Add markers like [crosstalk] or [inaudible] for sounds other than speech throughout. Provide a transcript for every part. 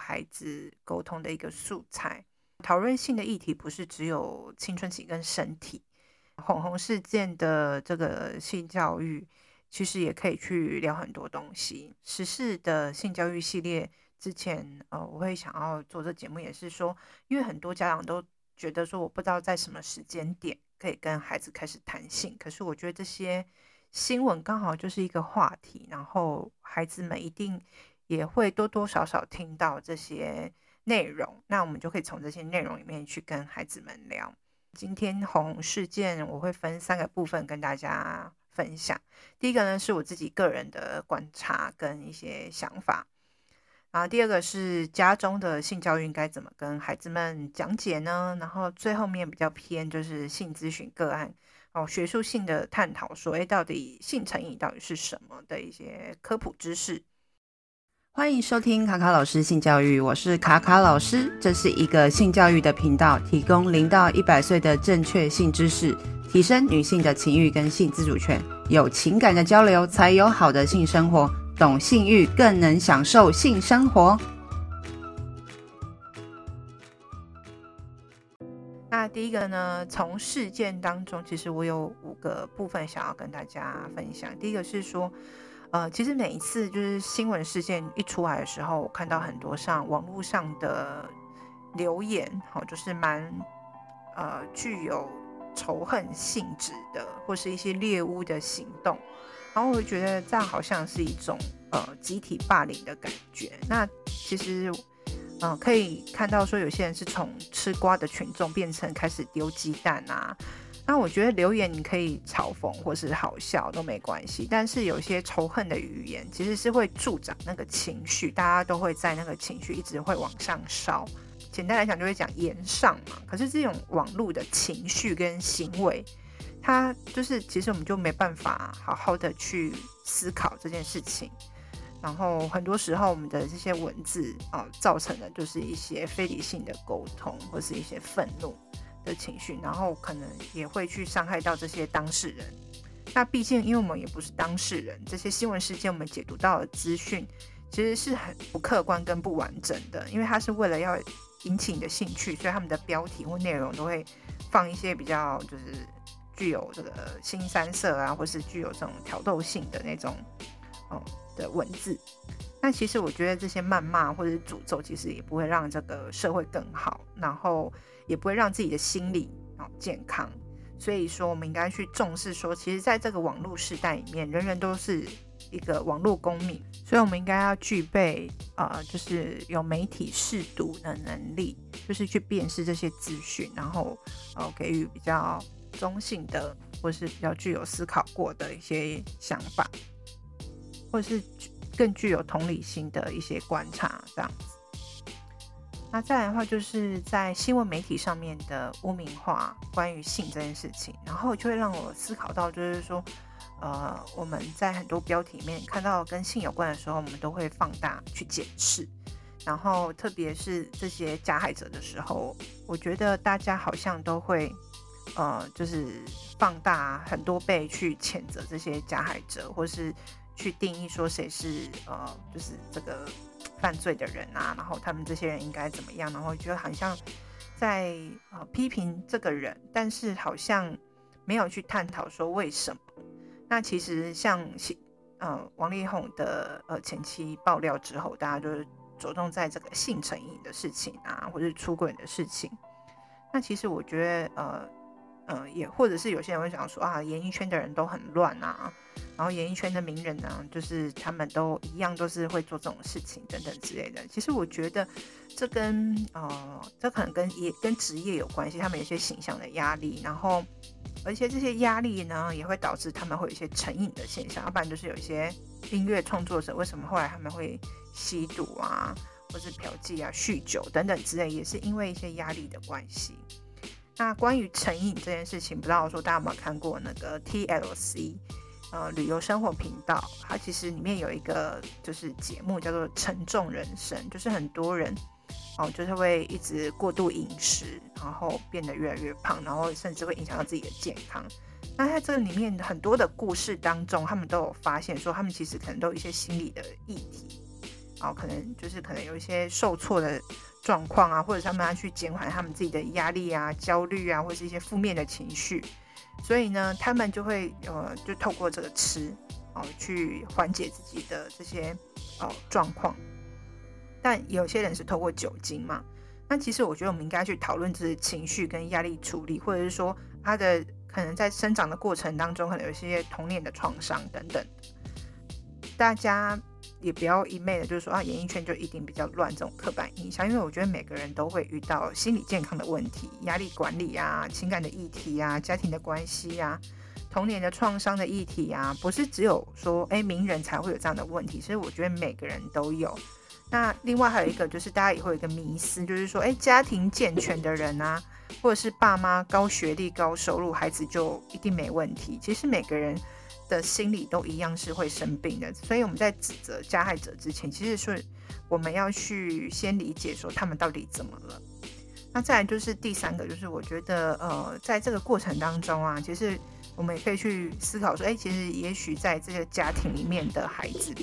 孩子溝通的一個素材，討論性的議題不是只有青春期跟身體。宏宏事件的這個性教育，其實也可以去聊很多東西。時事的性教育系列之前，呃，我會想要做這節目，也是說，因為很多家長都覺得說，我不知道在什麼時間點可以跟孩子開始談性。可是我覺得這些新聞剛好就是一個話題，然後孩子們一定，也會多多少少聽到這些內容，那我們就可以從這些內容裡面去跟孩子們聊。今天宏宏事件，我會分三個部分跟大家分享。第一個呢，是我自己個人的觀察跟一些想法。然後第二個是家中的性教育應該怎麼跟孩子們講解呢？然後最後面比較偏就是性諮詢個案哦，學術性的探討，說哎，到底性成癮到底是什麼的一些科普知識。歡迎收聽卡卡老師性教育，我是卡卡老師，這是一個性教育的頻道，提供零到一百歲的正確性知識，提升女性的情慾跟性自主權，有情感的交流才有好的性生活，懂性慾更能享受性生活。那第一個呢，從事件當中，其實我有五個部分想要跟大家分享。第一個是說，呃，其實每一次就是新聞事件一出來的時候，我看到很多上網絡上的留言，好、哦，就是蠻呃具有仇恨性質的，或是一些獵巫的行動，然後我就覺得這樣好像是一種呃集體霸凌的感覺。那其實嗯、呃、可以看到說，有些人是從吃瓜的群眾變成開始丟雞蛋啊那我覺得留言，你可以嘲諷或是好笑都沒關係，但是有些仇恨的語言其實是會助長那個情緒，大家都會在那個情緒一直會往上燒。簡單來講，就會講言上嘛。可是這種網絡的情緒跟行為，它就是其實我們就沒辦法好好的去思考這件事情。然後很多時候我們的這些文字啊、呃，造成的就是一些非理性的溝通或是一些憤怒。的情緒，然後可能也會去傷害到這些當事人。那畢竟，因為我們也不是當事人，這些新聞事件我們解讀到的資訊其實是很不客觀跟不完整的。因為他是為了要引起你的興趣，所以他們的標題或內容都會放一些比較就是具有這個腥羶色啊，或是具有這種挑逗性的那種哦的文字。那其實我覺得這些謾罵或者詛咒，其實也不會讓這個社會更好。然後。也不會讓自己的心理啊，健康，所以說我們應該去重視說，其實在這個網絡時代裡面，人人都是一個網絡公民，所以我們應該要具備啊、呃，就是有媒體識讀的能力，就是去辨識這些資訊，然後呃給予比較中性的，或是比較具有思考過的一些想法，或是更具有同理心的一些觀察，這樣。那再來的話，就是在新聞媒體上面的污名化，關於性這件事情，然後就會讓我思考到，就是說，呃，我們在很多標題裡面，看到跟性有關的時候，我們都會放大去檢視，然後特別是這些加害者的時候，我覺得大家好像都會，呃，就是放大很多倍去譴責這些加害者，或是去定義說誰是呃，就是這個。犯罪的人啊，然後他們這些人應該怎麼樣？然後我覺得好像在呃批評這個人，但是好像沒有去探討說為什麼。那其實像呃，王力宏的呃前妻爆料之後，大家就是着重在這個性成癮的事情啊，或者出軌的事情。那其實我覺得呃。呃，也或者是有些人會想說啊，演藝圈的人都很亂啊，然後演藝圈的名人呢、啊，就是他們都一樣都是會做這種事情等等之類的。其實我覺得這跟呃，這可能跟也跟職業有關係，他們有一些形象的壓力，然後而且這些壓力呢也會導致他們會有一些成癮的現象。要、啊、不然就是有一些音樂創作者為什麼後來他們會吸毒啊，或是嫖妓啊、酗酒等等之類，也是因為一些壓力的關係。那關於成癮這件事情，不知道說大家有沒有看過那個 TLC，呃，旅遊生活頻道，它其實裡面有一個就是節目叫做《沉重人生》，就是很多人哦，就是會一直過度飲食，然後變得越來越胖，然後甚至會影響到自己的健康。那在這個裡面很多的故事當中，他們都有發現說，他們其實可能都有一些心理的議題，然後哦，可能就是可能有一些受挫的狀況啊，或者他們要去減緩他們自己的壓力啊、焦慮啊，或是一些負面的情緒，所以呢，他們就會呃，就透過這個吃哦，去緩解自己的這些哦狀況。但有些人是透過酒精嘛，那其實我覺得我們應該去討論自己情緒跟壓力處理，或者是說他的可能在生長的過程當中，可能有一些童年的創傷等等。大家。也不要一昧的，就是說啊，演藝圈就一定比較亂這種刻板印象，因為我覺得每個人都會遇到心理健康的問題、壓力管理啊、情感的議題啊、家庭的關係啊、童年的創傷的議題啊，不是只有說哎、欸、名人才會有這樣的問題，所以我覺得每個人都有。那另外還有一個就是大家也會有一個迷思，就是說哎、欸，家庭健全的人啊，或者是爸媽高學歷、高收入，孩子就一定沒問題。其實每個人，的心理都一樣是會生病的，所以我們在指責加害者之前，其實是我們要去先理解說他們到底怎麼了。那再來就是第三個，就是我覺得呃，在這個過程當中啊，其實我們也可以去思考說，哎、欸，其實也許在這些家庭裡面的孩子，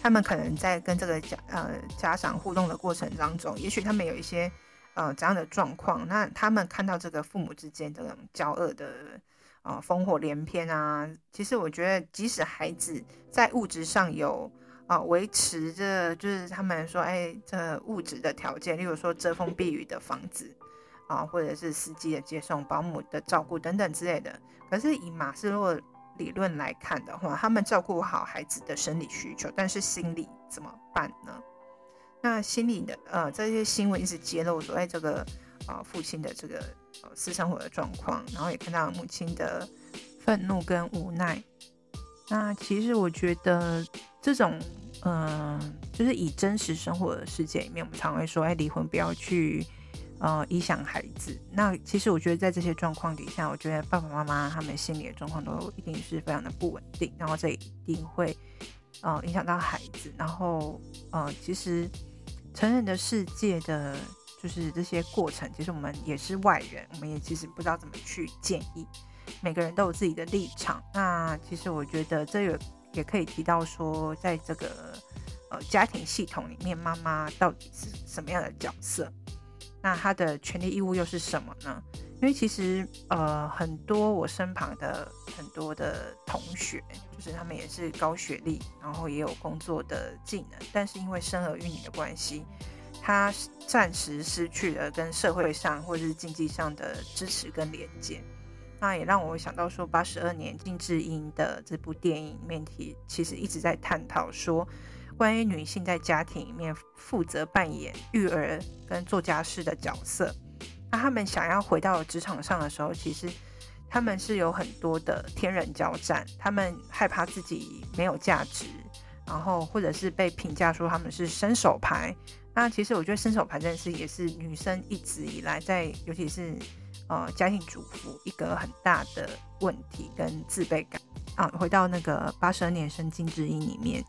他們可能在跟這個家呃家長互動的過程當中，也許他們有一些呃怎樣的狀況，那他們看到這個父母之間的交惡的。啊、呃，烽火連篇啊！其實我覺得，即使孩子在物質上有啊維、呃、持着，就是他們說，哎、欸，這、呃、物質的條件，例如說遮風避雨的房子啊、呃，或者是司機的接送、保姆的照顧等等之類的。可是以馬斯洛理論來看的話，他們照顧好孩子的生理需求，但是心理怎麼辦呢？那心理的呃，這些新聞一直揭露說，哎、欸，這個啊、呃，父親的這個。私生活的狀況，然後也看到母親的憤怒跟無奈。那其實我覺得這種，嗯、呃，就是以真實生活的世界裡面，我們常會說，哎、欸，離婚不要去，呃，影響孩子。那其實我覺得在這些狀況底下，我覺得爸爸媽媽他們心理的狀況都一定是非常的不穩定，然後這一定會，呃，影響到孩子。然後，呃，其實成人的世界的。就是這些過程，其實我們也是外人，我們也其實不知道怎麼去建議。每個人都有自己的立場。那其實我覺得這個也可以提到說，在這個呃家庭系統裡面，媽媽到底是什麼樣的角色？那她的權利義務又是什麼呢？因為其實呃，很多我身旁的很多的同學，就是他們也是高學歷，然後也有工作的技能，但是因為生兒育女的關係。他暫時失去了跟社會上或者是經濟上的支持跟連接，那也讓我想到說，八十二年金智英的這部電影裡面其實一直在探討說，關於女性在家庭裡面負責扮演育兒跟做家事的角色，那他們想要回到職場上的時候，其實他們是有很多的天人交戰，他們害怕自己沒有價值，然後或者是被評價說他們是伸手牌。那其實我覺得伸手牌這是也是女生一直以來在，尤其是呃家庭主婦一個很大的問題跟自卑感啊。回到那個八十二年生金智英裡面，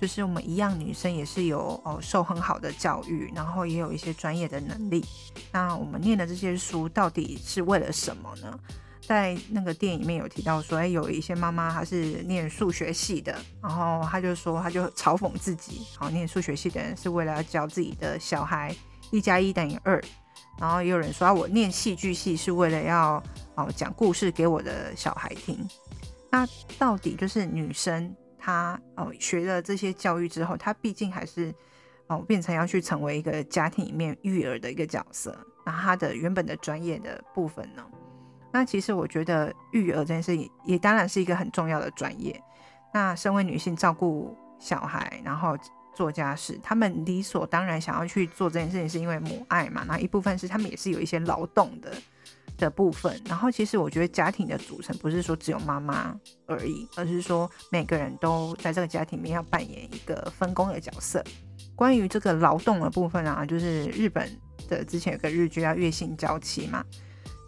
就是我們一樣，女生也是有哦、呃、受很好的教育，然後也有一些專業的能力。那我們念的這些書到底是為了什麼呢？在那個電影裡面有提到說，哎，有一些媽媽她是念數學系的，然後她就說，她就嘲諷自己，哦，念數學系的人是為了要教自己的小孩一加一等於二，然後也有人說，啊，我念戲劇系是為了要哦講故事給我的小孩聽。那，啊，到底就是女生她哦學了這些教育之後，她畢竟還是哦變成要去成為一個家庭裡面育兒的一個角色，那，啊，她的原本的專業的部分呢？那其實我覺得育兒這件事情也當然是一個很重要的專業。那身為女性照顧小孩，然後做家事，她們理所當然想要去做這件事情，是因為母愛嘛。那一部分是她們也是有一些勞動的的部分。然後其實我覺得家庭的組成不是說只有媽媽而已，而是說每個人都在這個家庭裡面要扮演一個分工的角色。關於這個勞動的部分啊，就是日本的之前有一個日劇叫《月薪嬌妻》嘛。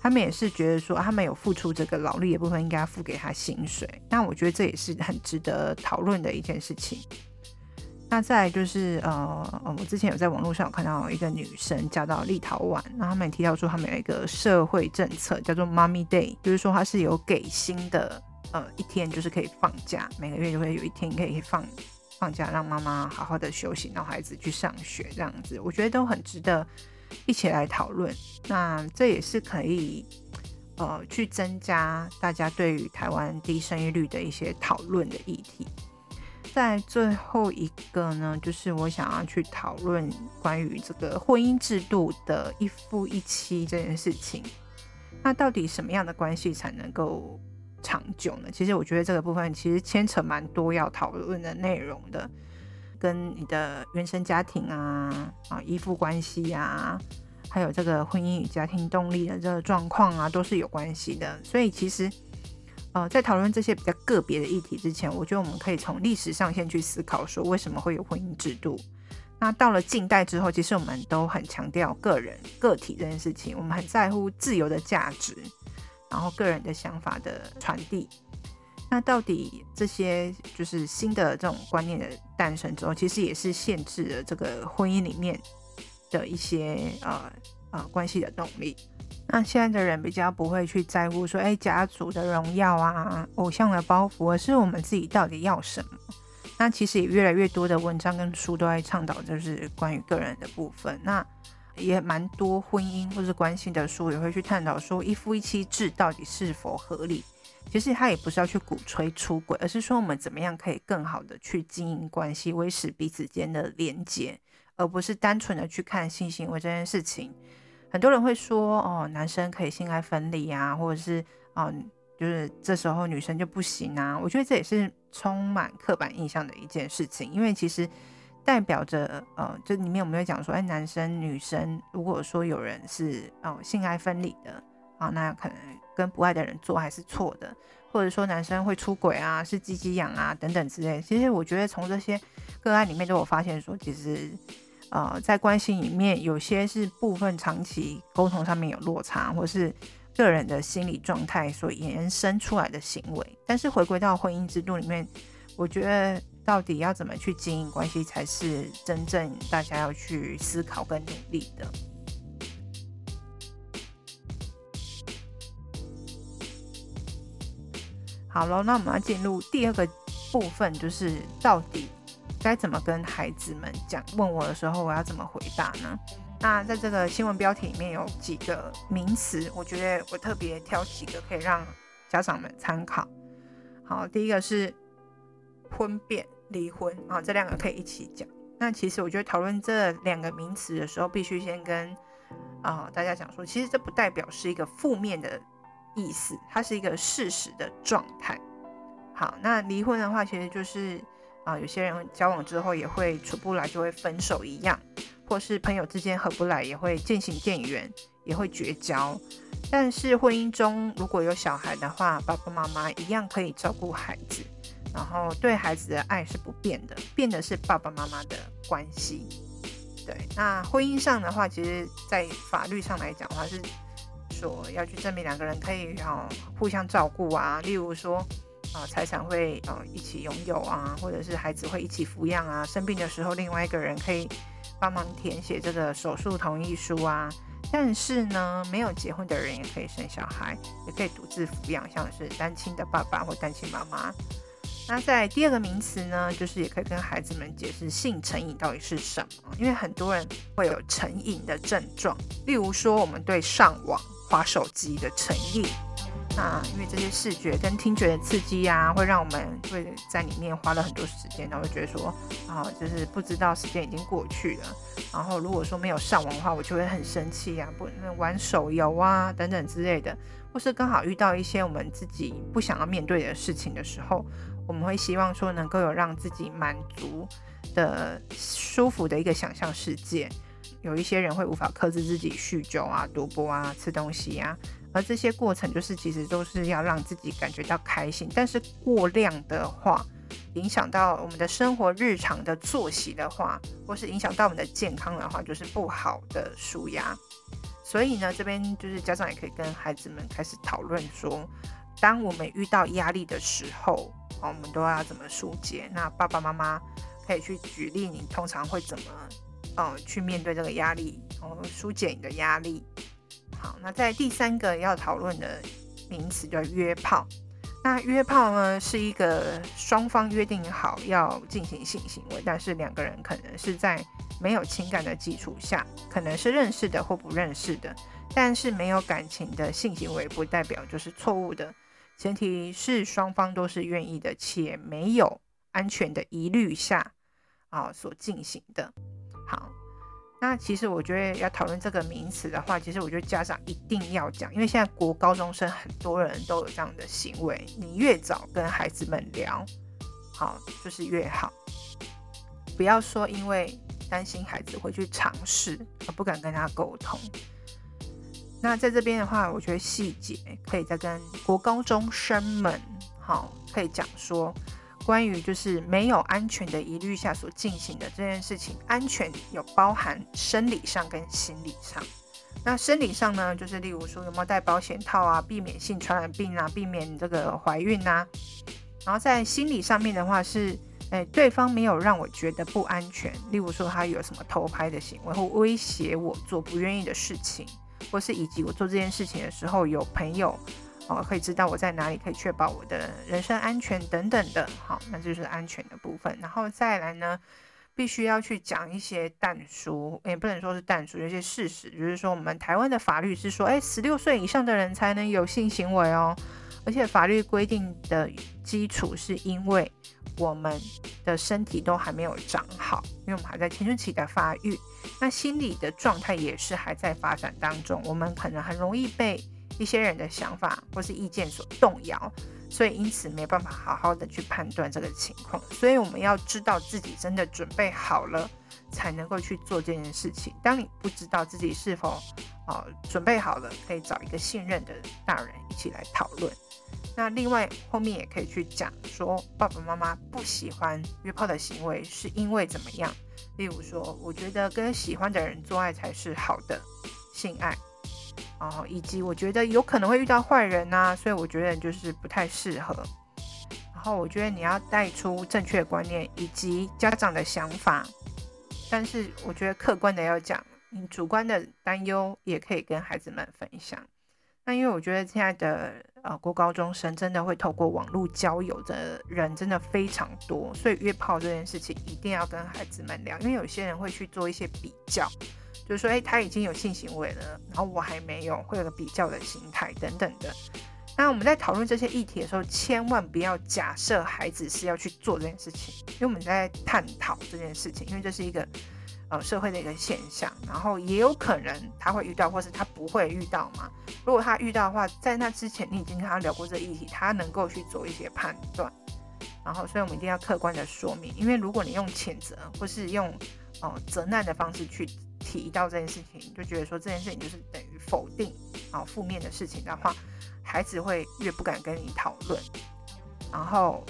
他們也是覺得說，他們有付出這個勞力的部分，應該付給他薪水。那我覺得這也是很值得討論的一件事情。那再來就是，呃，我之前有在網絡上有看到一個女生嫁到立陶宛，然後他們也提到說，他們有一個社會政策叫做 Mommy Day，就是說他是有給薪的，呃，一天就是可以放假，每個月就會有一天可以放放假，讓媽媽好好的休息，讓孩子去上學這樣子，我覺得都很值得。一起來討論，那這也是可以，呃，去增加大家對於台灣低生育率的一些討論的議題。在最後一個呢，就是我想要去討論關於這個婚姻制度的一夫一妻這件事情。那到底什麼樣的關係才能夠長久呢？其實我覺得這個部分其實牽扯蠻多要討論的內容的。跟你的原生家庭啊啊依附關係啊，還有這個婚姻與家庭動力的這個狀況啊，都是有關係的。所以其實，呃，在討論這些比較個別的議題之前，我覺得我們可以從歷史上先去思考，說為什麼會有婚姻制度？那到了近代之後，其實我們都很強調個人、個體這件事情，我們很在乎自由的價值，然後個人的想法的傳遞。那到底這些就是新的這種觀念的誕生之後，其實也是限制了這個婚姻裡面的一些呃呃關係的動力。那現在的人比較不會去在乎說，哎、欸，家族的榮耀啊，偶像的包袱啊，而是我們自己到底要什麼。那其實也越來越多的文章跟書都在倡導，就是關於個人的部分。那也蠻多婚姻或是關係的書也會去探討說，一夫一妻制到底是否合理。其實他也不是要去鼓吹出軌，而是說我們怎麼樣可以更好的去經營關係，維持彼此間的連接，而不是單純的去看性行為這件事情。很多人會說，哦，男生可以性愛分離啊，或者是啊、嗯，就是這時候女生就不行啊。我覺得這也是充滿刻板印象的一件事情，因為其實代表着，呃、嗯，就裡面有沒有講說，哎、欸，男生女生如果說有人是哦、嗯、性愛分離的啊，那可能。跟不愛的人做還是錯的，或者說男生會出軌啊，是雞雞癢啊等等之類。其實我覺得從這些個案裡面都有發現說，說其實，呃，在關係裡面有些是部分長期溝通上面有落差，或是個人的心理狀態所延伸出來的行為。但是回歸到婚姻制度裡面，我覺得到底要怎麼去經營關係，才是真正大家要去思考跟努力的。好了，那我們要進入第二個部分，就是到底該怎麼跟孩子們講？問我的時候，我要怎麼回答呢？那在這個新聞標題裡面有幾個名詞，我覺得我特別挑幾個可以讓家長們參考。好，第一個是婚變、離婚啊、哦，這兩個可以一起講。那其實我覺得討論這兩個名詞的時候，必須先跟啊、哦、大家講說，其實這不代表是一個負面的。意思，它是一個事實的狀態。好，那離婚的話，其實就是啊、呃，有些人交往之後也會處不來，就會分手一樣，或是朋友之間合不來，也會漸行漸遠，也會絕交。但是婚姻中如果有小孩的話，爸爸媽媽一樣可以照顧孩子，然後對孩子的愛是不變的，變的是爸爸媽媽的關係。對，那婚姻上的話，其實在法律上來講，它是。要去證明兩個人可以然後互相照顧啊，例如說啊財產會一起擁有啊，或者是孩子會一起撫養啊，生病的時候另外一個人可以幫忙填寫這個手術同意書啊。但是呢，沒有結婚的人也可以生小孩，也可以獨自撫養，像是單親的爸爸或單親媽媽。那在第二個名詞呢，就是也可以跟孩子們解釋性成癮到底是什麼，因為很多人會有成癮的症狀，例如說我們對上網。花手機的誠意，那因為這些視覺跟聽覺的刺激啊，會讓我們會在裡面花了很多時間，然後覺得說，啊、呃，就是不知道時間已經過去了。然後如果說沒有上網的話，我就會很生氣呀、啊，不能玩手遊啊等等之類的。或是剛好遇到一些我們自己不想要面對的事情的時候，我們會希望說能夠有讓自己滿足的、舒服的一個想象世界。有一些人會無法克制自己酗酒啊、賭博啊、吃東西啊，而這些過程就是其實都是要讓自己感覺到開心。但是過量的話，影響到我們的生活日常的作息的話，或是影響到我們的健康的話，就是不好的舒壓。所以呢，這邊就是家長也可以跟孩子們開始討論說，當我們遇到壓力的時候，哦，我們都要怎麼疏解？那爸爸媽媽可以去舉例你，你通常會怎麼？哦，去面對這個壓力，然後疏解你的壓力。好，那在第三個要討論的名詞叫約炮。那約炮呢，是一個雙方約定好要進行性行為，但是兩個人可能是在沒有情感的基礎下，可能是認識的或不認識的，但是沒有感情的性行為，不代表就是錯誤的。前提是雙方都是願意的，且沒有安全的疑慮下啊，哦，所進行的。好，那其實我覺得要討論這個名詞的話，其實我覺得家長一定要講，因為現在國高中生很多人都有這樣的行為，你越早跟孩子們聊，好，就是越好。不要說因為擔心孩子會去嘗試而不敢跟他溝通。那在這邊的話，我覺得細節可以再跟國高中生們，好，可以講說。關於就是沒有安全的疑慮下所進行的這件事情，安全有包含生理上跟心理上。那生理上呢，就是例如說有沒有戴保險套啊，避免性傳染病啊，避免這個懷孕啊。然後在心理上面的話是，欸，對方沒有讓我覺得不安全。例如說他有什麼偷拍的行為，或威脅我做不願意的事情，或是以及我做這件事情的時候有朋友，哦，可以知道我在哪裡，可以確保我的人身安全等等的。好，那就是安全的部分。然後再來呢，必須要去講一些但書，也、欸、不能說是但書，有、就是、些事實，就是說我們台灣的法律是說，誒、欸，十六歲以上的人才能有性行為哦。而且法律規定的基礎是因為我們的身體都還沒有長好，因為我們還在青春期的發育，那心理的狀態也是還在發展當中，我們可能很容易被一些人的想法或是意見所動搖，所以因此沒辦法好好的去判斷這個情況。所以我們要知道自己真的準備好了，才能夠去做這件事情。當你不知道自己是否，哦，準備好了，可以找一個信任的大人一起來討論。那另外後面也可以去講說，爸爸媽媽不喜歡約炮的行為是因為怎麼樣？例如說，我覺得跟喜歡的人做愛才是好的性愛。哦，以及我覺得有可能會遇到壞人吶、啊，所以我覺得就是不太適合。然後，我覺得你要帶出正確的觀念以及家長的想法。但是，我覺得客觀的要講，你主觀的擔憂也可以跟孩子們分享。那因為我覺得現在的呃國高中生真的會透過網絡交友的人真的非常多，所以約炮這件事情一定要跟孩子們聊，因為有些人會去做一些比較。就是說，誒、欸，他已經有性行為了，然後我還沒有，會有個比較的心態等等的。那我們在討論這些議題的時候，千萬不要假設孩子是要去做這件事情，因為我們在探討這件事情，因為這是一個呃社會的一個現象，然後也有可能他會遇到，或是他不會遇到嘛。如果他遇到的話，在那之前你已經跟他聊過這個議題，他能夠去做一些判斷。然後，所以我們一定要客觀的說明，因為如果你用譴責或是用哦、呃、責難的方式去。提到這件事情，就覺得說這件事情就是等於否定啊，負面的事情的話，孩子會越不敢跟你討論，然後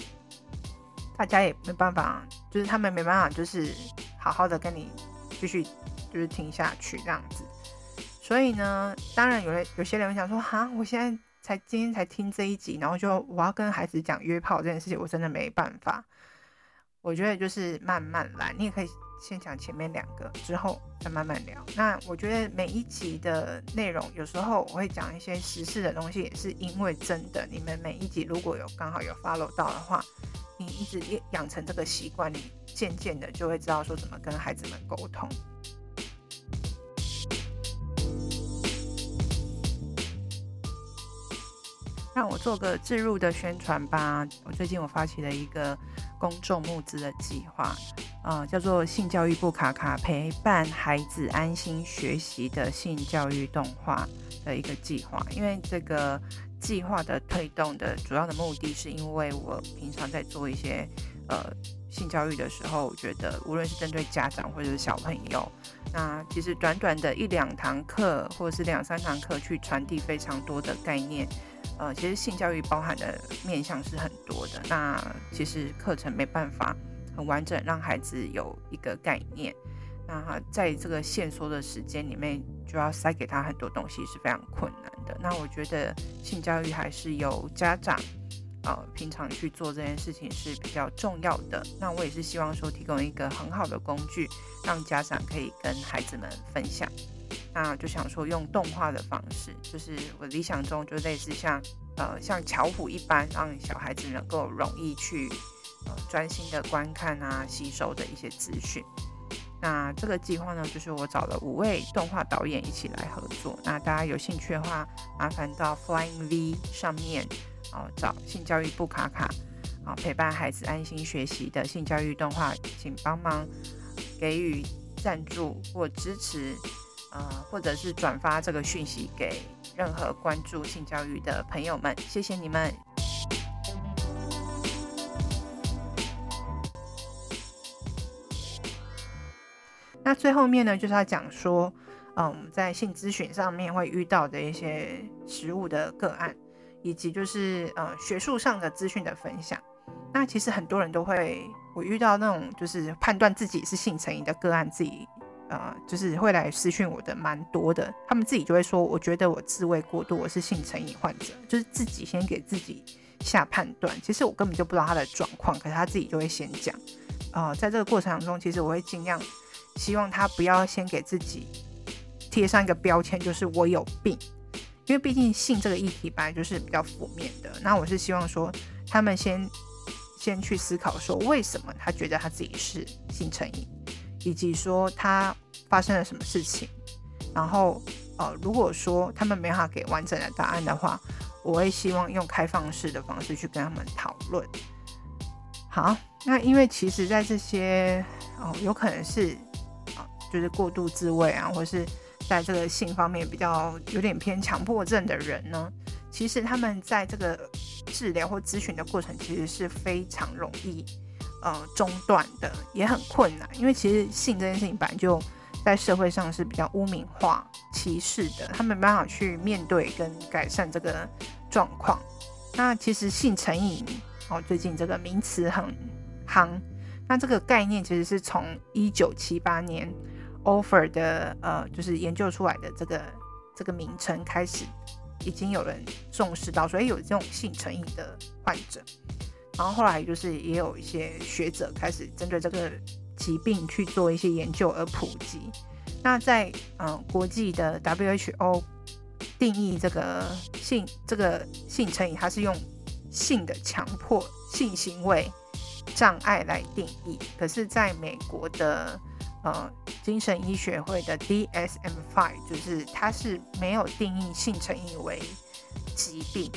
大家也沒辦法，就是他們沒辦法，就是好好的跟你繼續就是聽下去這樣子。所以呢，當然有人有些人會想說，哈，我現在才今天才聽這一集，然後就我要跟孩子講約炮這件事情，我真的沒辦法。我覺得就是慢慢來，你也可以。先講前面兩個，之後再慢慢聊。那我覺得每一集的內容，有時候我會講一些時事的東西，也是因為真的，你們每一集如果有剛好有 follow 到的話，你一直養成這個習慣，你漸漸的就會知道說怎麼跟孩子們溝通。讓我做個置入的宣傳吧。我最近我發起了一個。公眾募資的計劃，啊、呃，叫做性教育部卡卡陪伴孩子安心學習的性教育動畫的一個計劃。因為這個計劃的推動的主要的目的是，因為我平常在做一些呃性教育的時候，我覺得無論是針對家長或者是小朋友，那其實短短的一兩堂課或者是兩三堂課，去傳遞非常多的概念。呃，其實性教育包含的面向是很多的，那其實課程沒辦法很完整讓孩子有一個概念，那在這個限縮的時間裡面，就要塞給他很多東西是非常困難的。那我覺得性教育還是由家長啊、呃、平常去做這件事情是比較重要的。那我也是希望說提供一個很好的工具，讓家長可以跟孩子們分享。那就想說用動畫的方式，就是我理想中就類似像呃像巧虎一般，讓小孩子能夠容易去呃專心的觀看啊吸收的一些資訊。那這個計劃呢，就是我找了五位動畫導演一起來合作。那大家有興趣的話，麻煩到 Flying V 上面，哦找性教育布卡卡，啊、哦、陪伴孩子安心學習的性教育動畫，請幫忙給予贊助或支持。啊，或者是轉發這個訊息給任何關注性教育的朋友們，謝謝你們。 [music] 那最後面呢，就是要講說，嗯，在性諮詢上面會遇到的一些實務的個案，以及就是呃、嗯、學術上的資訊的分享。那其實很多人都會，我遇到那種就是判斷自己是性成癮的個案自己。呃，就是會來私訊我的蠻多的，他們自己就會說，我覺得我自慰過度，我是性成癮患者，就是自己先給自己下判斷。其實我根本就不知道他的狀況，可是他自己就會先講。呃，在這個過程中，其實我會盡量希望他不要先給自己貼上一個標籤，就是我有病，因為畢竟性這個議題本來就是比較負面的。那我是希望說，他們先先去思考說，為什麼他覺得他自己是性成癮。以及說他發生了什麼事情，然後呃，如果說他們沒法給完整的答案的話，我會希望用開放式的方式去跟他們討論。好，那因為其實，在這些哦，有可能是啊，就是過度自慰啊，或者是在這個性方面比較有點偏強迫症的人呢，其實他們在這個治療或諮詢的過程，其實是非常容易。呃，中斷的也很困難，因為其實性這件事情本來就在社會上是比較污名化、歧視的，他沒辦法去面對跟改善這個狀況。那其實性成癮，哦，最近這個名詞很夯，那這個概念其實是從一九七八年 offer 的呃，就是研究出來的這個這個名稱開始，已經有人重視到說，誒，有這種性成癮的患者。然後後來就是也有一些學者開始針對這個疾病去做一些研究而普及。那在嗯、呃、國際的 WHO 定義這個性這個性成癮，它是用性的強迫性行為障礙來定義。可是，在美國的呃精神醫學會的 DSM-5，就是它是沒有定義性成癮為疾病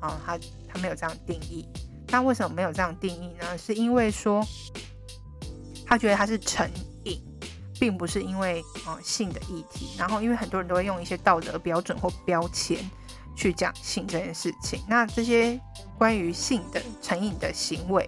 啊、呃，它它沒有這樣定義。那為什麼沒有這樣定義呢？是因為說，他覺得他是成癮，並不是因為啊、呃、性的議題。然後因為很多人都會用一些道德標準或標籤去講性這件事情。那這些關於性的成癮的行為，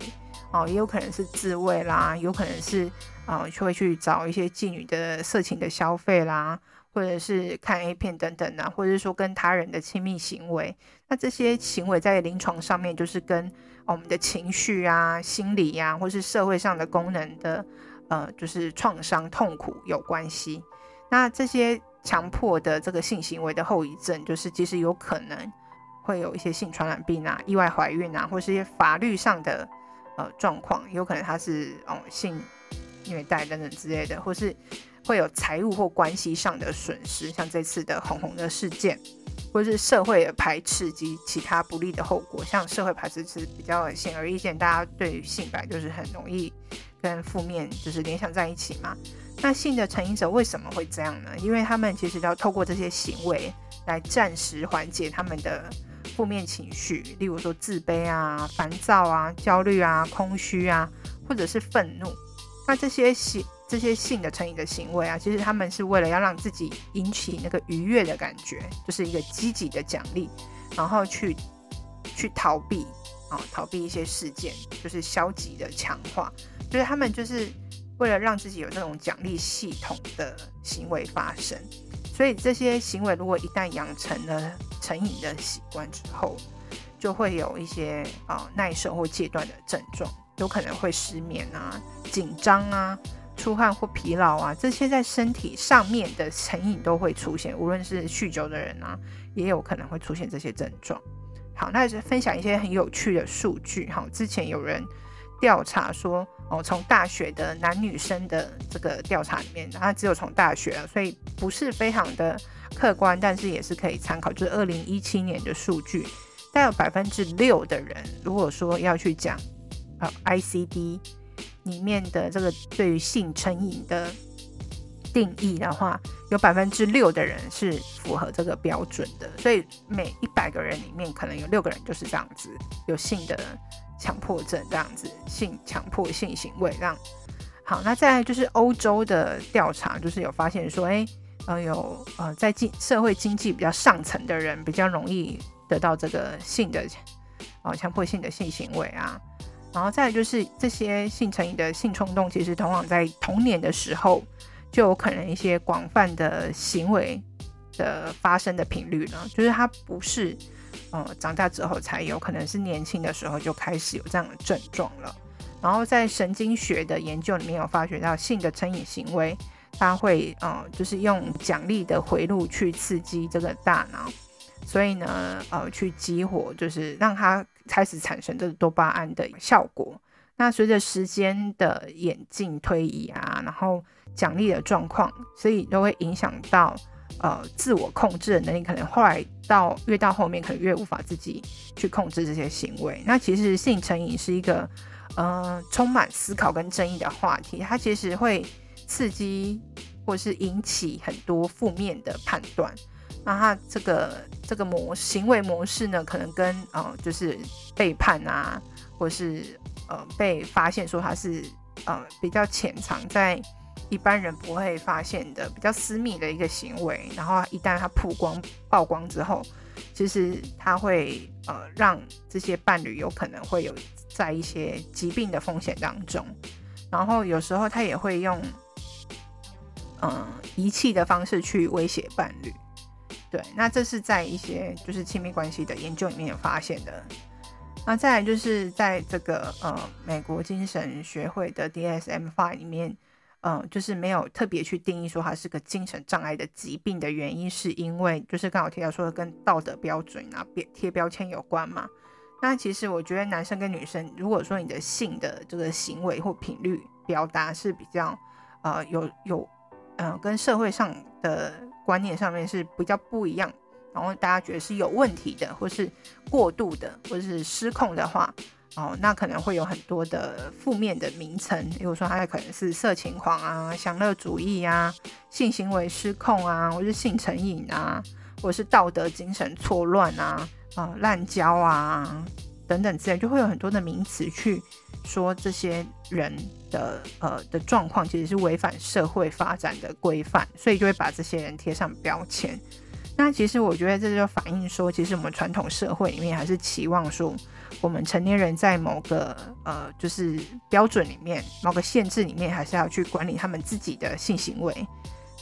哦、呃，也有可能是自慰啦，有可能是啊、呃、就會去找一些妓女的色情的消費啦。或者是看 A 片等等啊，或者是說跟他人的親密行為，那這些行為在臨床上面就是跟、哦、我們的情緒啊、心理呀、啊，或者是社會上的功能的，呃，就是創傷、痛苦有關係。那這些強迫的這個性行為的後遺症，就是其實有可能會有一些性傳染病啊、意外懷孕啊，或是一些法律上的呃狀況，有可能他是哦性虐待等等之類的，或是。會有財務或關係上的損失，像這次的宏宏的事件，或是社會的排斥及其他不利的後果。像社會排斥是比較顯而易見，大家對於性白就是很容易跟負面就是聯想在一起嘛。那性的成癮者為什麼會這樣呢？因為他們其實要透過這些行為來暫時緩解他們的負面情緒，例如說自卑啊、煩躁啊、焦慮啊、空虛啊，或者是憤怒。那這些行。這些性的成癮的行為啊，其實他們是為了要讓自己引起那個愉悅的感覺，就是一個積極的獎勵，然後去去逃避啊、哦，逃避一些事件，就是消極的強化，就是他們就是為了讓自己有那種獎勵系統的行為發生。所以這些行為如果一旦養成了成癮的習慣之後，就會有一些啊、哦、耐受或戒斷的症狀，有可能會失眠啊、緊張啊。出汗或疲勞啊，這些在身體上面的成癮都會出現。無論是酗酒的人啊，也有可能會出現這些症狀。好，那也是分享一些很有趣的數據。好，之前有人調查說，哦，從大學的男女生的這個調查裡面，然後他只有從大學，所以不是非常的客觀，但是也是可以參考。就是二零一七年的數據，大概有百分之六的人，如果說要去講好、哦、ICD。裡面的這個對於性成癮的定義的話，有百分之六的人是符合這個標準的，所以每一百個人裡面可能有六個人就是這樣子，有性的強迫症這樣子，性強迫性行為這樣。好，那在就是歐洲的調查就是有發現說，誒、欸，呃，有呃在經社會經濟比較上層的人比較容易得到這個性的哦強、呃、強迫性的性行為啊。然後再來就是這些性成癮的性衝動，其實往往在童年的時候就有可能一些廣泛的行為的發生的頻率呢，就是它不是，呃，長大之後才有可能，是年輕的時候就開始有這樣的症狀了。然後在神經學的研究裡面有發覺到，性的成癮行為它會，呃，就是用獎勵的回路去刺激這個大腦，所以呢，呃，去激活就是讓它。開始產生這個多巴胺的效果，那隨着時間的演進推移啊，然後獎勵的狀況，所以都會影響到呃自我控制的能力，可能後來到越到後面，可能越無法自己去控制這些行為。那其實性成癮是一個嗯、呃、充滿思考跟爭議的話題，它其實會刺激或是引起很多負面的判斷。那他這個這個模行為模式呢，可能跟呃就是背叛啊，或是呃被發現說他是呃比較潛藏在一般人不會發現的比較私密的一個行為，然後一旦他曝光曝光之後，其實他會呃讓這些伴侶有可能會有在一些疾病的風險當中，然後有時候他也會用嗯遺棄的方式去威脅伴侶。對，那這是在一些就是親密關係的研究裡面有發現的。那再來就是在這個呃美國精神學會的 DSM 五裡面，嗯、呃，就是沒有特別去定義說它是個精神障礙的疾病的原因，是因為就是剛好提到說跟道德標準啊標貼標籤有關嘛。那其實我覺得男生跟女生，如果說你的性的這個行為或頻率表達是比較呃有有嗯、呃、跟社會上的。觀念上面是比較不一樣，然後大家覺得是有問題的，或是過度的，或是失控的話，哦，那可能會有很多的負面的名稱，比如說它有可能是色情狂啊、享樂主義啊、性行為失控啊，或是性成癮啊，或是道德精神錯亂啊、啊濫交啊。等等之類，就會有很多的名詞去說這些人的呃的狀況，其實是違反社會發展的規範，所以就會把這些人貼上標籤。那其實我覺得這就反映說，其實我們傳統社會裡面還是期望說，我們成年人在某個呃就是標準裡面、某個限制裡面，還是要去管理他們自己的性行為。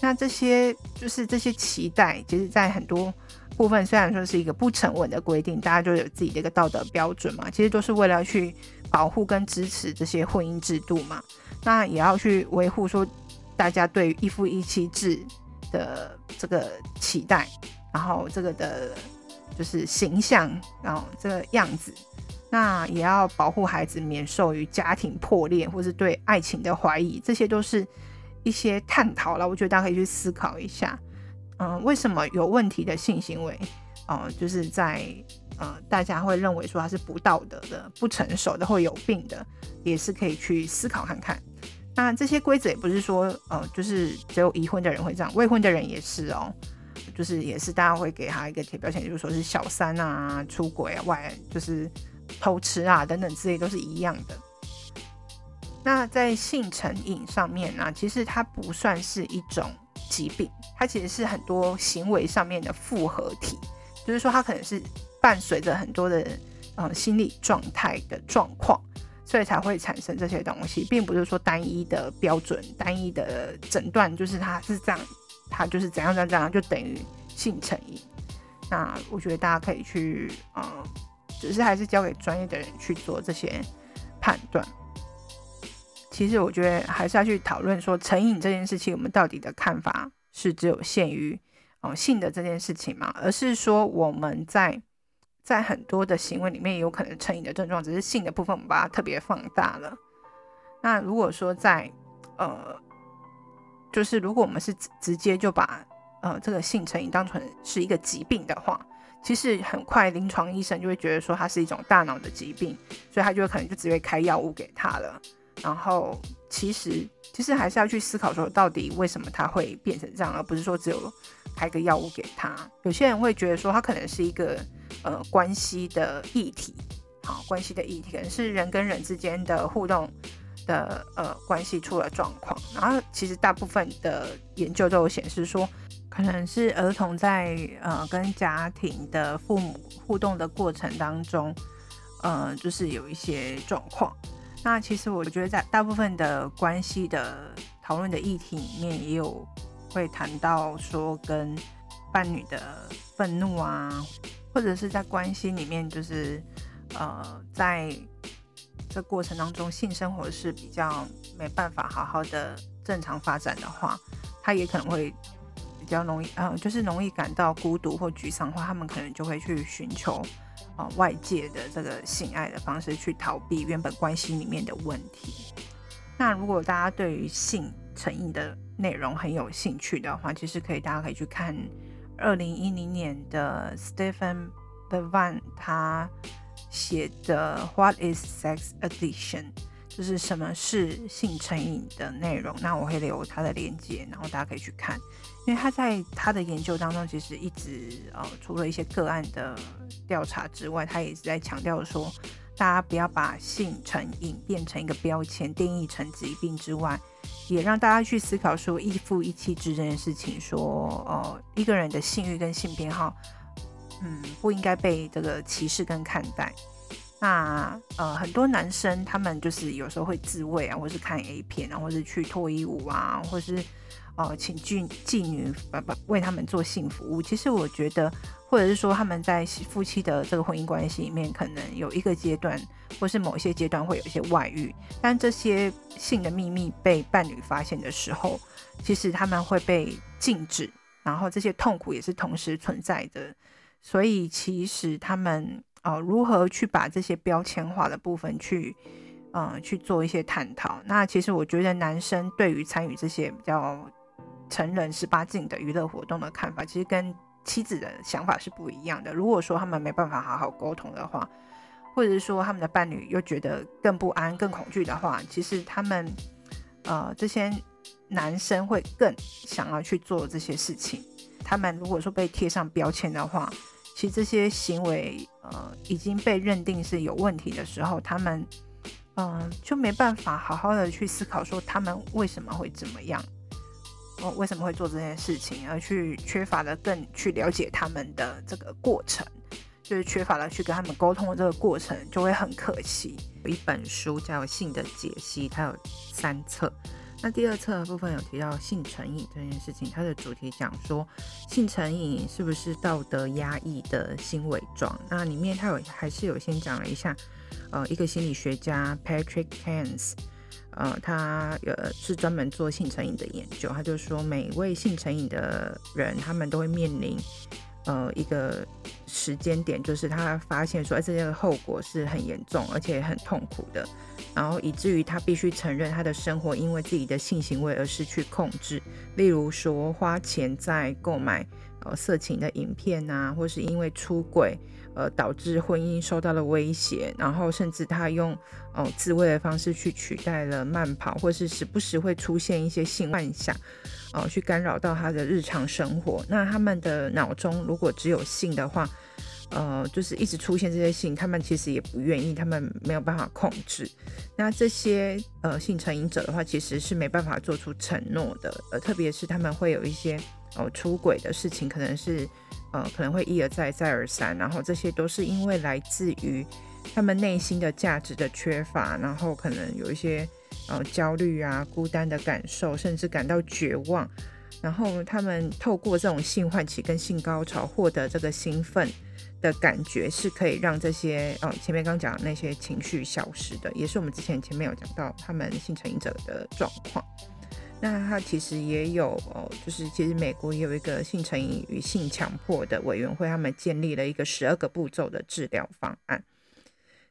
那這些就是這些期待，其實在很多。部分雖然說是一個不成文的規定，大家就有自己的一個道德標準嘛，其實都是為了去保護跟支持這些婚姻制度嘛。那也要去維護說大家對一夫一妻制的這個期待，然後這個的就是形象，然後這個樣子，那也要保護孩子免受於家庭破裂或是對愛情的懷疑，這些都是一些探討啦。我覺得大家可以去思考一下。嗯，為什麼有問題的性行為，哦、呃，就是在、呃、大家會認為說它是不道德的、不成熟的或有病的，也是可以去思考看看。那這些規則也不是說，呃，就是只有已婚的人會這樣，未婚的人也是哦，就是也是大家會給他一個貼標籤，就是說是小三啊、出軌啊、外，就是偷吃啊等等之類都是一樣的。那在性成癮上面呢、啊，其實它不算是一種。疾病，它其實是很多行為上面的複合體，就是說它可能是伴隨着很多的，呃、嗯，心理狀態的狀況，所以才會產生這些東西，並不是說單一的標準、單一的診斷就是它是這樣，它就是怎樣怎樣怎樣，就等於性成癮。那我覺得大家可以去，嗯，只、就是還是交給專業的人去做這些判斷。其實我覺得還是要去討論說，成癮這件事情，我們到底的看法是只有限於哦、嗯、性的這件事情嘛？而是說我們在在很多的行為裡面，有可能成癮的症狀，只是性的部分我們把它特別放大了。那如果說在呃，就是如果我們是直直接就把呃這個性成癮當成是一個疾病的話，其實很快臨床醫生就會覺得說它是一種大腦的疾病，所以他就可能就直接開藥物給他了。然後其實其實還是要去思考說，到底為什麼他會變成這樣，而不是說只有開個藥物給他。有些人會覺得說，他可能是一個呃關係的議題，好、哦，關係的議題可能是人跟人之間的互動的呃關係出了狀況。然後其實大部分的研究有都顯示說，可能是兒童在呃跟家庭的父母互動的過程當中，呃就是有一些狀況。那其實我覺得，在大部分的關係的討論的議題裡面，也有會談到說跟伴侶的憤怒啊，或者是在關係裡面，就是呃，在這過程當中，性生活是比較沒辦法好好的正常發展的話，他也可能會比較容易嗯、呃，就是容易感到孤獨或沮喪的話，他們可能就會去尋求。哦，外界的這個性愛的方式去逃避原本關係裡面的問題。那如果大家對於性成癮的內容很有興趣的話，其實可以，大家可以去看二零一零年的 Stephen B. Levine 他寫的《What Is Sex Addiction》，就是什麼是性成癮的內容。那我會留他的鏈接，然後大家可以去看。因為他在他的研究當中，其實一直呃除了一些個案的調查之外，他一直在強調說，大家不要把性成癮變成一個標籤，定義成疾病之外，也讓大家去思考說，一夫一妻之間的事情，說呃，一個人的性慾跟性偏好，嗯，不應該被這個歧視跟看待。那呃，很多男生他們就是有時候會自慰啊，或是看 A 片啊，或是去脫衣舞啊，或是。呃，請妓妓女為他們做性服務。其實我覺得，或者是說他們在夫妻的這個婚姻關係裡面，可能有一個階段，或是某些階段會有一些外遇。但這些性的秘密被伴侶發現的時候，其實他們會被禁止，然後這些痛苦也是同時存在的。所以其實他們呃如何去把這些標籤化的部分去嗯、呃、去做一些探討。那其實我覺得男生對於參與這些比較。成人十八禁的娛樂活動的看法，其實跟妻子的想法是不一樣的。如果說他們沒辦法好好溝通的話，或者是說他們的伴侶又覺得更不安、更恐懼的話，其實他們，呃，這些男生會更想要去做這些事情。他們如果說被貼上標籤的話，其實這些行為，呃，已經被認定是有問題的時候，他們，嗯，呃，就沒辦法好好的去思考說他們為什麼會怎麼樣。為什麼會做這件事情？而去缺乏的更去了解他們的這個過程，就是缺乏了去跟他們溝通的這個過程，就會很可惜。有一本書叫《性的解析》，它有三冊。那第二冊的部分有提到性成癮這件事情，它的主題講說性成癮是不是道德壓抑的新偽裝？那裡面它有還是有先講了一下，呃，一個心理學家 Patrick Hans 呃，他呃是專門做性成癮的研究，他就說，每位性成癮的人，他們都會面臨呃一個時間點，就是他發現說、誒、這些後果是很嚴重，而且很痛苦的，然後以至於他必須承認他的生活因為自己的性行為而失去控制，例如說花錢在購買呃色情的影片吶、啊，或是因為出軌。呃，導致婚姻受到了威脅，然後甚至他用哦、呃、自慰的方式去取代了慢跑，或是時不時會出現一些性幻想，哦、呃，去干擾到他的日常生活。那他們的腦中如果只有性的話，呃，就是一直出現這些性，他們其實也不願意，他們沒有辦法控制。那這些呃性成癮者的話，其實是沒辦法做出承諾的，呃，特別是他們會有一些哦、呃、出軌的事情，可能是。呃，可能會一而再，再而三，然後這些都是因為來自於他們內心的價值的缺乏，然後可能有一些呃焦慮啊、孤單的感受，甚至感到絕望，然後他們透過這種性喚起跟性高潮獲得這個興奮的感覺，是可以讓這些哦、呃、前面剛講的那些情緒消失的，也是我們之前前面有講到他們性成癮者的狀況。那他其實也有哦，就是其實美國也有一個性成癮與性強迫的委員會，他們建立了一個十二個步驟的治療方案。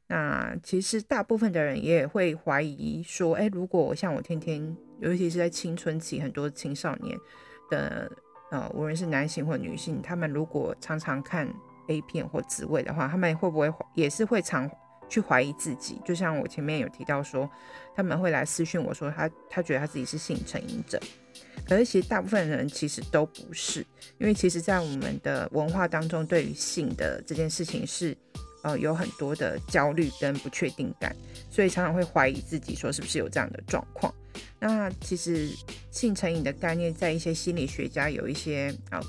那其實大部分的人也會懷疑說，誒，如果像我天天，尤其是在青春期，很多青少年的呃，無論是男性或女性，他們如果常常看 A 片或自慰的話，他們會不會也是會常去懷疑自己？就像我前面有提到說。他們會來私訊我說他他覺得他自己是性成癮者，可是其實大部分人其實都不是，因為其實，在我們的文化當中，對於性的這件事情是呃有很多的焦慮跟不確定感，所以常常會懷疑自己說是不是有這樣的狀況。那其實性成癮的概念，在一些心理學家有一些啊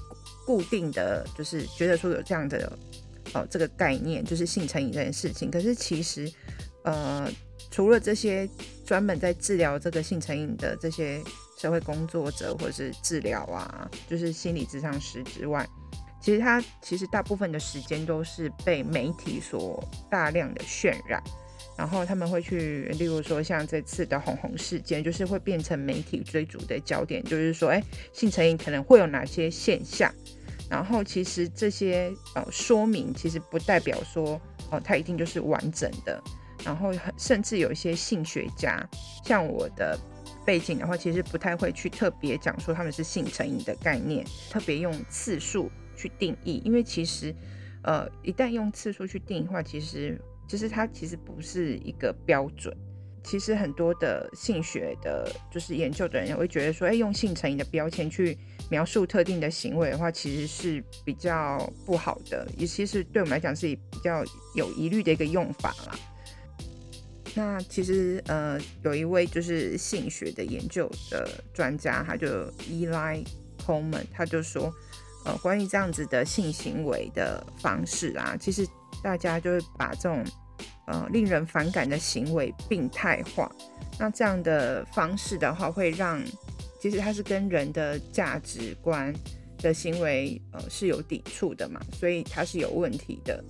固定的就是覺得說有這樣的哦，呃，這個概念就是性成癮這件事情，可是其實呃。除了這些專門在治療這個性成癮的這些社會工作者或者是治療啊，就是心理諮詢師之外，其實他其實大部分的時間都是被媒體所大量的渲染，然後他們會去，例如說像這次的宏宏事件，就是會變成媒體追逐的焦點，就是說，哎、欸，性成癮可能會有哪些現象，然後其實這些呃說明其實不代表說哦、呃，它一定就是完整的。然後很甚至有一些性學家，像我的背景的話，其實不太會去特別講說他們是性成癮的概念，特別用次數去定義。因為其實，呃，一旦用次數去定義的話，其實其實它其實不是一個標準。其實很多的性學的，就是研究的人也會覺得說，哎，用性成癮的標籤去描述特定的行為的話，其實是比較不好的，也其實對我們來講是比較有疑慮的一個用法啦。那其實，呃，有一位就是性學的研究的專家，他就 Eli Coleman。他就說，呃，關於這樣子的性行為的方式啊，其實大家就會把這種呃令人反感的行為病態化。那這樣的方式的話，會讓其實它是跟人的價值觀的行為呃是有抵觸的嘛，所以它是有問題的。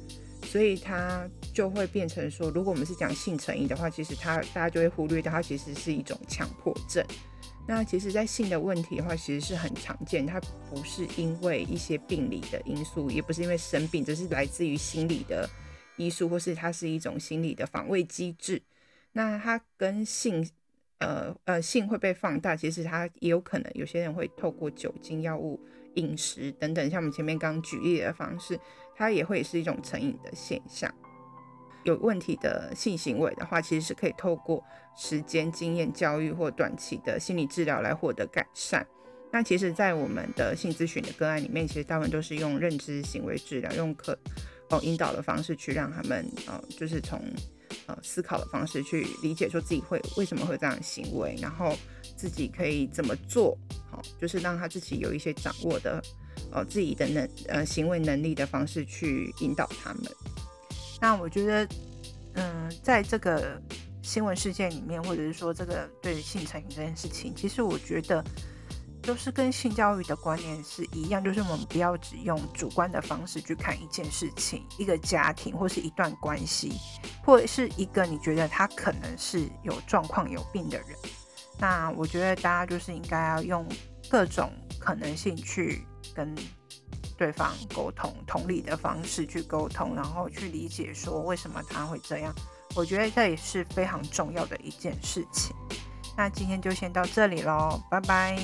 所以它就會變成說，如果我們是講性成癮的話，其實它大家就會忽略到它其實是一種強迫症。那其實，在性的問題的話，其實是很常見，它不是因為一些病理的因素，也不是因為生病，只是來自於心理的因素，或是它是一種心理的防衛機制。那它跟性，呃呃，性會被放大，其實它也有可能，有些人會透過酒精、藥物、飲食等等，像我們前面剛舉例的方式。它也會是一種成癮的現象。有問題的性行為的話，其實是可以透過時間經驗教育或短期的心理治療來獲得改善。那其實，在我們的性諮詢的個案裡面，其實大部分都是用認知行為治療，用可哦引導的方式去讓他們，呃，就是從呃思考的方式去理解說自己會為什麼會有這樣的行為，然後自己可以怎麼做，好，就是讓他自己有一些掌握的。呃、哦，自己的能呃，行為能力的方式去引導他們。那我覺得，嗯，在這個新聞事件裡面，或者是說這個對於性成癮這件事情，其實我覺得都是跟性教育的觀念是一樣，就是我們不要只用主觀的方式去看一件事情、一個家庭或是一段關係，或是一個你覺得他可能是有狀況、有病的人。那我覺得大家就是應該要用各種可能性去。跟對方溝通，同理的方式去溝通，然後去理解說為什麼他會這樣。我覺得這也是非常重要的一件事情。那今天就先到這裡嘍，拜拜。